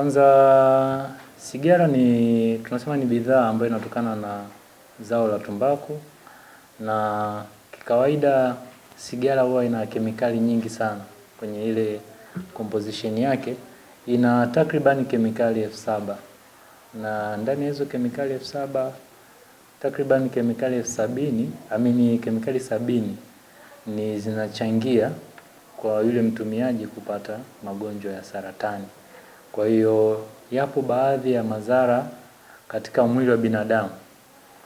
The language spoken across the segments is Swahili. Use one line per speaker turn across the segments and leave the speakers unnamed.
Kwanza sigara ni tunasema ni bidhaa ambayo inatokana na zao la tumbaku na kikawaida sigara huwa ina kemikali nyingi sana kwenye ile composition yake ina takribani kemikali elfu saba na ndani ya hizo kemikali elfu saba takribani kemikali elfu sabini amini kemikali sabini ni zinachangia kwa yule mtumiaji kupata magonjwa ya saratani. Kwa hiyo yapo baadhi ya madhara katika mwili wa binadamu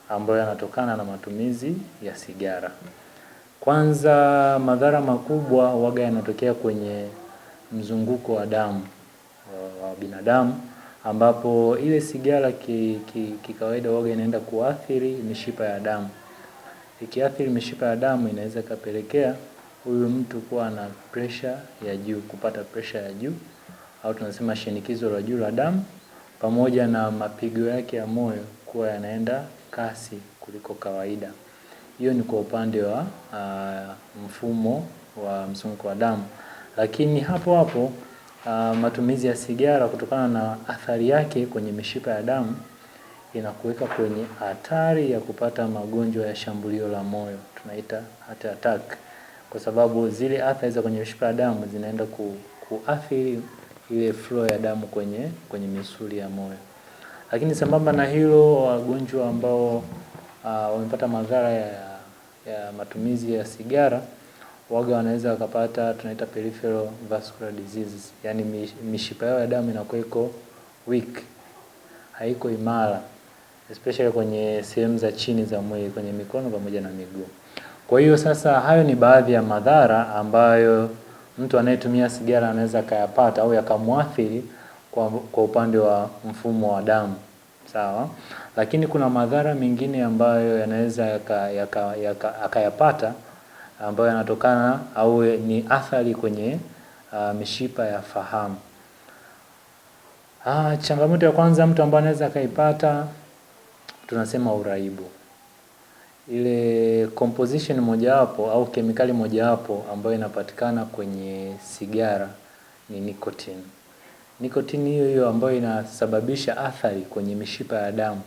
ambayo yanatokana na matumizi ya sigara. Kwanza madhara makubwa waga yanatokea kwenye mzunguko wa damu wa binadamu ambapo ile sigara kikawaida waga inaenda kuathiri mishipa ya damu. Ikiathiri mishipa ya damu inaweza ikapelekea huyu mtu kuwa na presha ya juu, kupata presha ya juu au tunasema shinikizo la juu la damu pamoja na mapigo yake ya moyo kuwa yanaenda kasi kuliko kawaida. Hiyo ni kwa upande wa uh, mfumo wa mzunguko wa damu, lakini hapo hapo uh, matumizi ya sigara kutokana na athari yake kwenye mishipa ya damu inakuweka kwenye hatari ya kupata magonjwa ya shambulio la moyo tunaita heart attack, kwa sababu zile athari za kwenye mishipa ya damu zinaenda ku, kuathiri ile flow ya damu kwenye, kwenye misuli ya moyo. Lakini sambamba na hilo, wagonjwa ambao uh, wamepata madhara ya, ya matumizi ya sigara waga wanaweza wakapata tunaita peripheral vascular diseases, yani mishipa yao ya damu inakuwa iko weak, haiko imara especially kwenye sehemu za chini za mwili, kwenye mikono pamoja na miguu. Kwa hiyo sasa, hayo ni baadhi ya madhara ambayo mtu anayetumia sigara anaweza akayapata au yakamwathiri kwa, kwa upande wa mfumo wa damu sawa. Lakini kuna madhara mengine ambayo yanaweza akayapata ambayo yanatokana au ni athari kwenye uh, mishipa ya fahamu. Ah, changamoto ya kwanza mtu ambaye anaweza akaipata tunasema uraibu ile composition mojawapo au kemikali mojawapo ambayo inapatikana kwenye sigara ni nicotine. Nicotine hiyo hiyo ambayo inasababisha athari kwenye mishipa ya damu,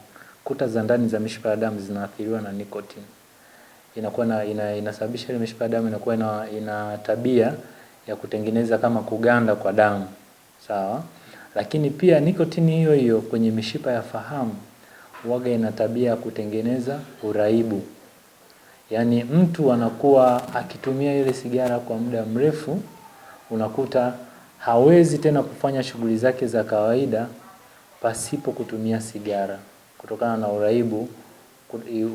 kuta za ndani za mishipa ya damu zinaathiriwa na nicotine. Inakuwa na, ina, inasababisha ile mishipa ya damu inakuwa ina, ina tabia ya kutengeneza kama kuganda kwa damu sawa, lakini pia nicotine hiyo hiyo kwenye mishipa ya fahamu waga ina tabia ya kutengeneza uraibu, yaani mtu anakuwa akitumia ile sigara kwa muda mrefu, unakuta hawezi tena kufanya shughuli zake za kawaida pasipo kutumia sigara kutokana na uraibu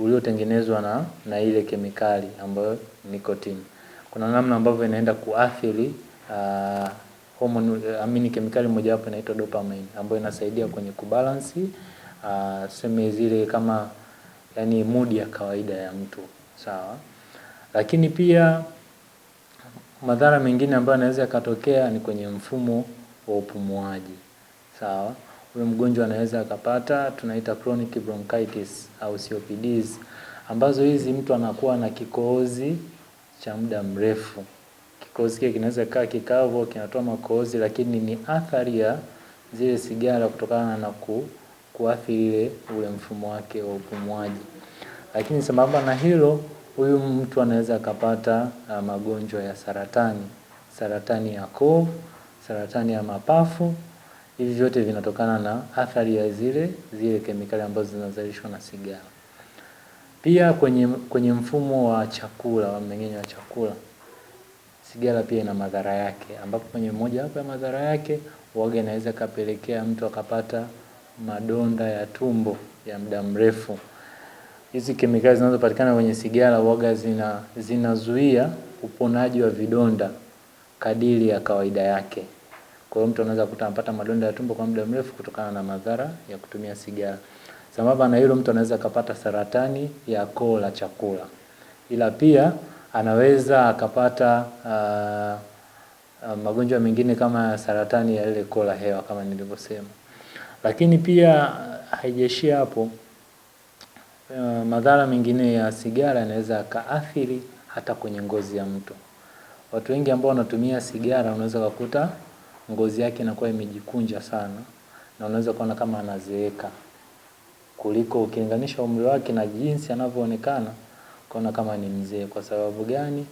uliotengenezwa na, na ile kemikali ambayo nikotini. Kuna namna ambavyo inaenda kuathiri uh, ah, amini, kemikali mojawapo inaitwa dopamine ambayo inasaidia kwenye kubalansi aseme zile kama yani mudi ya kawaida ya mtu sawa. Lakini pia madhara mengine ambayo anaweza yakatokea ni kwenye mfumo wa upumuaji sawa. Huyo mgonjwa anaweza akapata tunaita chronic bronchitis au COPDs, ambazo hizi mtu anakuwa na kikohozi cha muda mrefu. Kikohozi kile kinaweza kaa kikavu, kinatoa makohozi, lakini ni athari ya zile sigara kutokana na ku kuathiri ule mfumo wake wa upumuaji. Lakini sambamba na hilo, huyu mtu anaweza akapata ah, magonjwa ya saratani, saratani ya koo, saratani ya mapafu. Hivi vyote vinatokana na athari ya zile zile kemikali ambazo zinazalishwa na sigara. Pia kwenye, kwenye mfumo wa chakula wa mmeng'enyo wa chakula, sigara pia ina madhara yake, ambapo kwenye mojawapo ya madhara yake uoga inaweza kapelekea mtu akapata madonda ya tumbo ya muda mrefu. Hizi kemikali zinazopatikana kwenye sigara huwaga zina zinazuia uponaji wa vidonda kadiri ya kawaida yake. Kwa hiyo mtu anaweza kukuta anapata madonda ya tumbo kwa muda mrefu kutokana na madhara ya kutumia sigara. Sambamba na hilo, mtu anaweza akapata saratani ya koo la chakula, ila pia anaweza akapata uh, magonjwa mengine kama saratani ya ile koo la hewa kama nilivyosema. Lakini pia haijaishia hapo. Eh, madhara mengine ya sigara yanaweza kaathiri hata kwenye ngozi ya mtu. Watu wengi ambao wanatumia sigara, unaweza kukuta ngozi yake inakuwa imejikunja sana, na unaweza kuona kama anazeeka kuliko ukilinganisha umri wake na jinsi anavyoonekana, kuona kama ni mzee. Kwa sababu gani?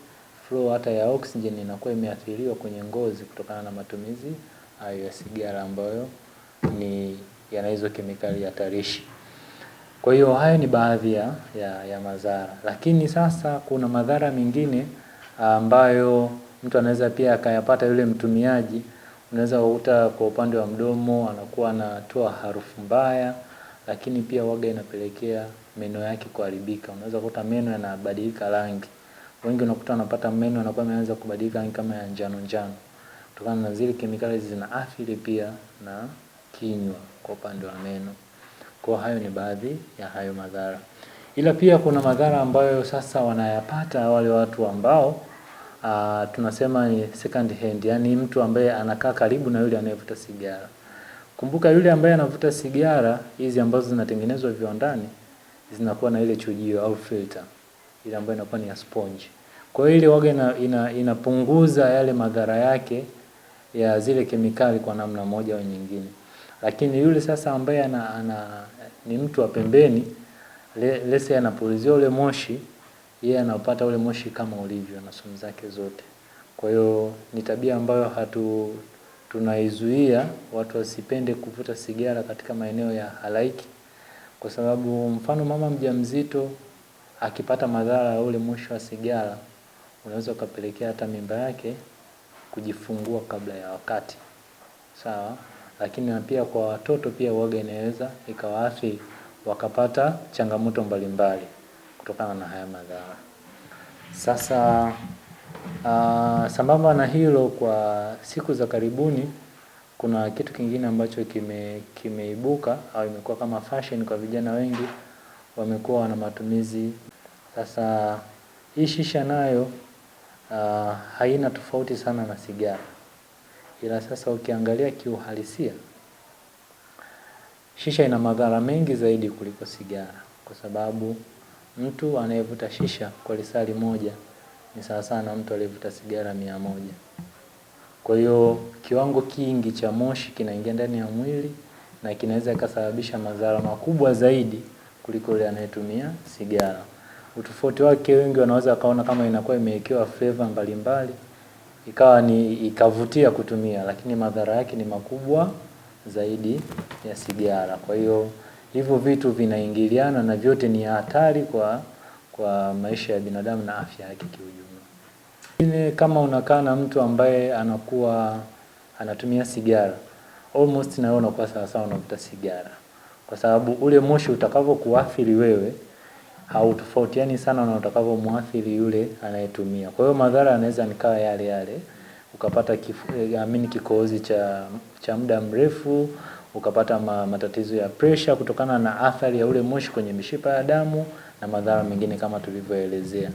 Flow hata ya oxygen inakuwa imeathiriwa kwenye ngozi kutokana na matumizi hayo ya sigara ambayo ni yana hizo kemikali hatarishi. Kwa hiyo hayo ni baadhi ya, ya, ya madhara, lakini sasa kuna madhara mengine ambayo mtu anaweza pia akayapata yule mtumiaji. Unaweza kukuta kwa upande wa mdomo anakuwa anatoa harufu mbaya, lakini pia waga inapelekea meno yake kuharibika. Unaweza kukuta meno yanabadilika rangi, wengi unakuta wanapata meno yanakuwa yameanza kubadilika rangi kama ya njano njano, kutokana na zile kemikali zinaathiri pia na kinywa kwa upande wa meno. Kwa hayo ni baadhi ya hayo madhara, ila pia kuna madhara ambayo sasa wanayapata wale watu ambao uh, tunasema ni second hand, yani mtu ambaye anakaa karibu na yule anayevuta sigara. Kumbuka yule ambaye anavuta sigara hizi ambazo zinatengenezwa viwandani zinakuwa na ile chujio au filter ile ambayo inakuwa ni ya sponge. Kwa hiyo ile waga ina, ina, inapunguza yale madhara yake ya zile kemikali kwa namna moja au nyingine. Lakini yule sasa ambaye ana, ana ni mtu wa pembeni le, lese anapulizia ule moshi, yeye anapata ule moshi kama ulivyo na sumu zake zote. Kwa hiyo ni tabia ambayo hatu tunaizuia watu wasipende kuvuta sigara katika maeneo ya halaiki, kwa sababu mfano mama mjamzito akipata madhara ya ule moshi wa sigara unaweza ukapelekea hata mimba yake kujifungua kabla ya wakati. Sawa lakini na pia kwa watoto pia uoga inaweza ikawaathiri wakapata changamoto mbalimbali kutokana na haya madhara. Sasa uh, sambamba na hilo, kwa siku za karibuni kuna kitu kingine ambacho kime kimeibuka au imekuwa kama fashion kwa vijana wengi, wamekuwa wana matumizi. Sasa hii shisha nayo uh, haina tofauti sana na sigara ila sasa ukiangalia kiuhalisia, shisha ina madhara mengi zaidi kuliko sigara, kwa sababu mtu anayevuta shisha kwa lisali moja ni sana na mtu aliyevuta sigara mia moja. Kwa hiyo kiwango kingi cha moshi kinaingia ndani ya mwili na kinaweza ikasababisha madhara makubwa zaidi kuliko yule anayetumia sigara. Utofauti wake wengi wanaweza wakaona kama inakuwa imewekewa flavor mbalimbali ikawa ni ikavutia kutumia, lakini madhara yake ni makubwa zaidi ya sigara. Kwa hiyo hivyo vitu vinaingiliana na vyote ni hatari kwa kwa maisha ya binadamu na afya yake kiujumla. Kama unakaa na mtu ambaye anakuwa anatumia sigara, almost na unakuwa sawasawa unavuta sigara, kwa sababu ule moshi utakavyokuathiri wewe hautofautiani sana na utakavyomwathiri yule anayetumia. Kwa hiyo madhara yanaweza nikawa yale yale, ukapata amini kikohozi cha, cha muda mrefu, ukapata ma, matatizo ya presha kutokana na athari ya ule moshi kwenye mishipa ya damu na madhara mengine kama tulivyoelezea.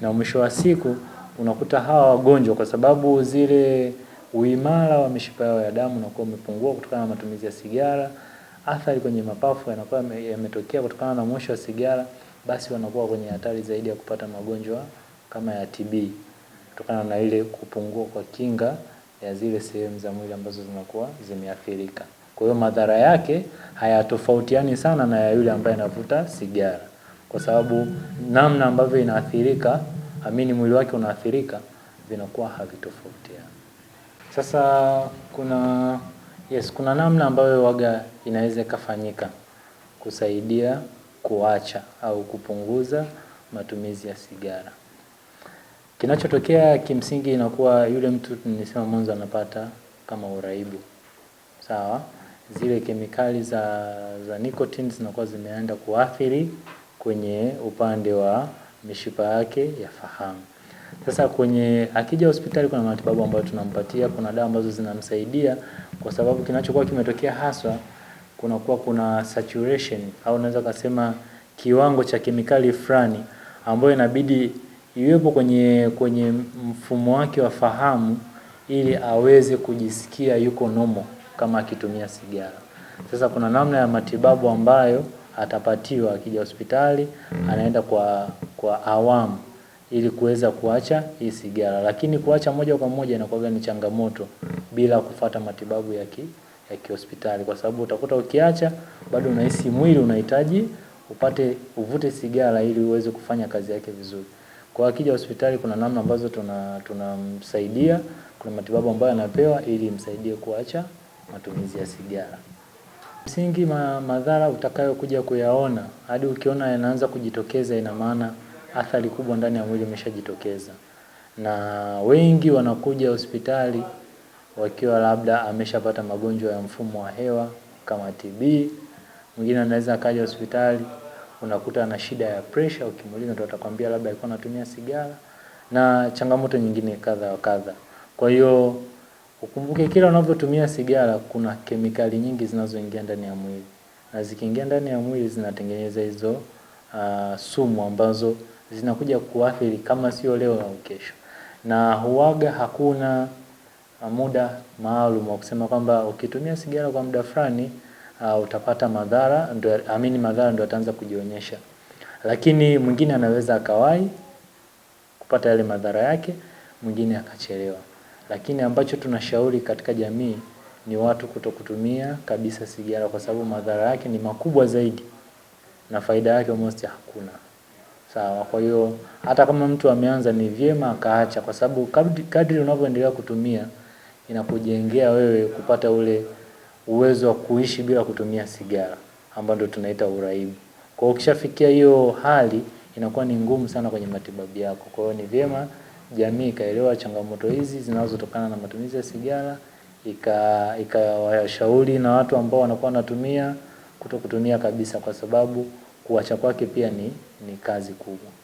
Na mwisho wa siku unakuta hawa wagonjwa kwa sababu zile uimara wa mishipa yao ya damu unakuwa umepungua kutokana na matumizi ya sigara, athari kwenye mapafu yanakuwa yametokea kutokana na moshi wa sigara basi wanakuwa kwenye hatari zaidi ya kupata magonjwa kama ya TB kutokana na ile kupungua kwa kinga ya zile sehemu za mwili ambazo zinakuwa zimeathirika. Kwa hiyo madhara yake hayatofautiani sana na ya yule ambaye anavuta sigara, kwa sababu namna ambavyo inaathirika, amini mwili wake unaathirika, vinakuwa havitofautiani. Sasa kuna yes, kuna namna ambayo waga inaweza ikafanyika kusaidia kuacha au kupunguza matumizi ya sigara. Kinachotokea kimsingi inakuwa yule mtu nilisema mwanzo anapata kama uraibu. Sawa? Zile kemikali za za nicotine zinakuwa zimeenda kuathiri kwenye upande wa mishipa yake ya fahamu. Sasa kwenye akija hospitali kuna matibabu ambayo tunampatia, kuna dawa ambazo zinamsaidia kwa sababu kinachokuwa kimetokea haswa kunakuwa kuna saturation au unaweza kusema kiwango cha kemikali fulani ambayo inabidi iwepo kwenye kwenye mfumo wake wa fahamu ili aweze kujisikia yuko nomo kama akitumia sigara. Sasa kuna namna ya matibabu ambayo atapatiwa akija hospitali, anaenda kwa kwa awamu ili kuweza kuacha hii sigara, lakini kuacha moja kwa moja inakuwa ni changamoto bila kufata matibabu ya ki ya kihospitali, kwa sababu utakuta ukiacha bado unahisi mwili unahitaji upate uvute sigara ili uweze kufanya kazi yake vizuri. Kwa akija hospitali kuna namna ambazo tunamsaidia, tuna kuna matibabu ambayo anapewa ili msaidie kuacha matumizi ya sigara. Msingi ma, madhara utakayokuja kuyaona hadi ukiona yanaanza kujitokeza, ina maana athari kubwa ndani ya mwili imeshajitokeza, na wengi wanakuja hospitali wakiwa labda ameshapata magonjwa ya mfumo wa hewa kama TB. Mwingine anaweza akaja hospitali unakuta ana shida ya pressure, ukimuuliza ndio atakwambia labda alikuwa anatumia sigara na changamoto nyingine kadha wa kadha. Kwa hiyo ukumbuke, kila unavyotumia sigara kuna kemikali nyingi zinazoingia ndani ya mwili, na zikiingia ndani ya mwili zinatengeneza hizo uh, sumu ambazo zinakuja kuathiri kama sio leo na kesho, na huaga hakuna muda maalum wa kusema kwamba ukitumia sigara kwa muda fulani uh, utapata madhara ndo, amini madhara ndo ataanza kujionyesha, lakini mwingine anaweza akawahi kupata yale madhara yake, mwingine akachelewa. Lakini ambacho tunashauri katika jamii ni watu kuto kutumia kabisa sigara, kwa sababu madhara yake ni makubwa zaidi na faida yake almost hakuna. Sawa. Kwa hiyo hata kama mtu ameanza, ni vyema akaacha, kwa sababu kadri unavyoendelea kutumia inakujengea wewe kupata ule uwezo wa kuishi bila kutumia sigara ambayo ndio tunaita uraibu. Kwa hiyo ukishafikia hiyo hali inakuwa ni ngumu sana kwenye matibabu yako. Kwa hiyo ni vyema jamii ikaelewa changamoto hizi zinazotokana na matumizi ya sigara, ikawashauri na watu ambao wanakuwa wanatumia kuto kutumia kabisa, kwa sababu kuacha kwake pia ni, ni kazi kubwa.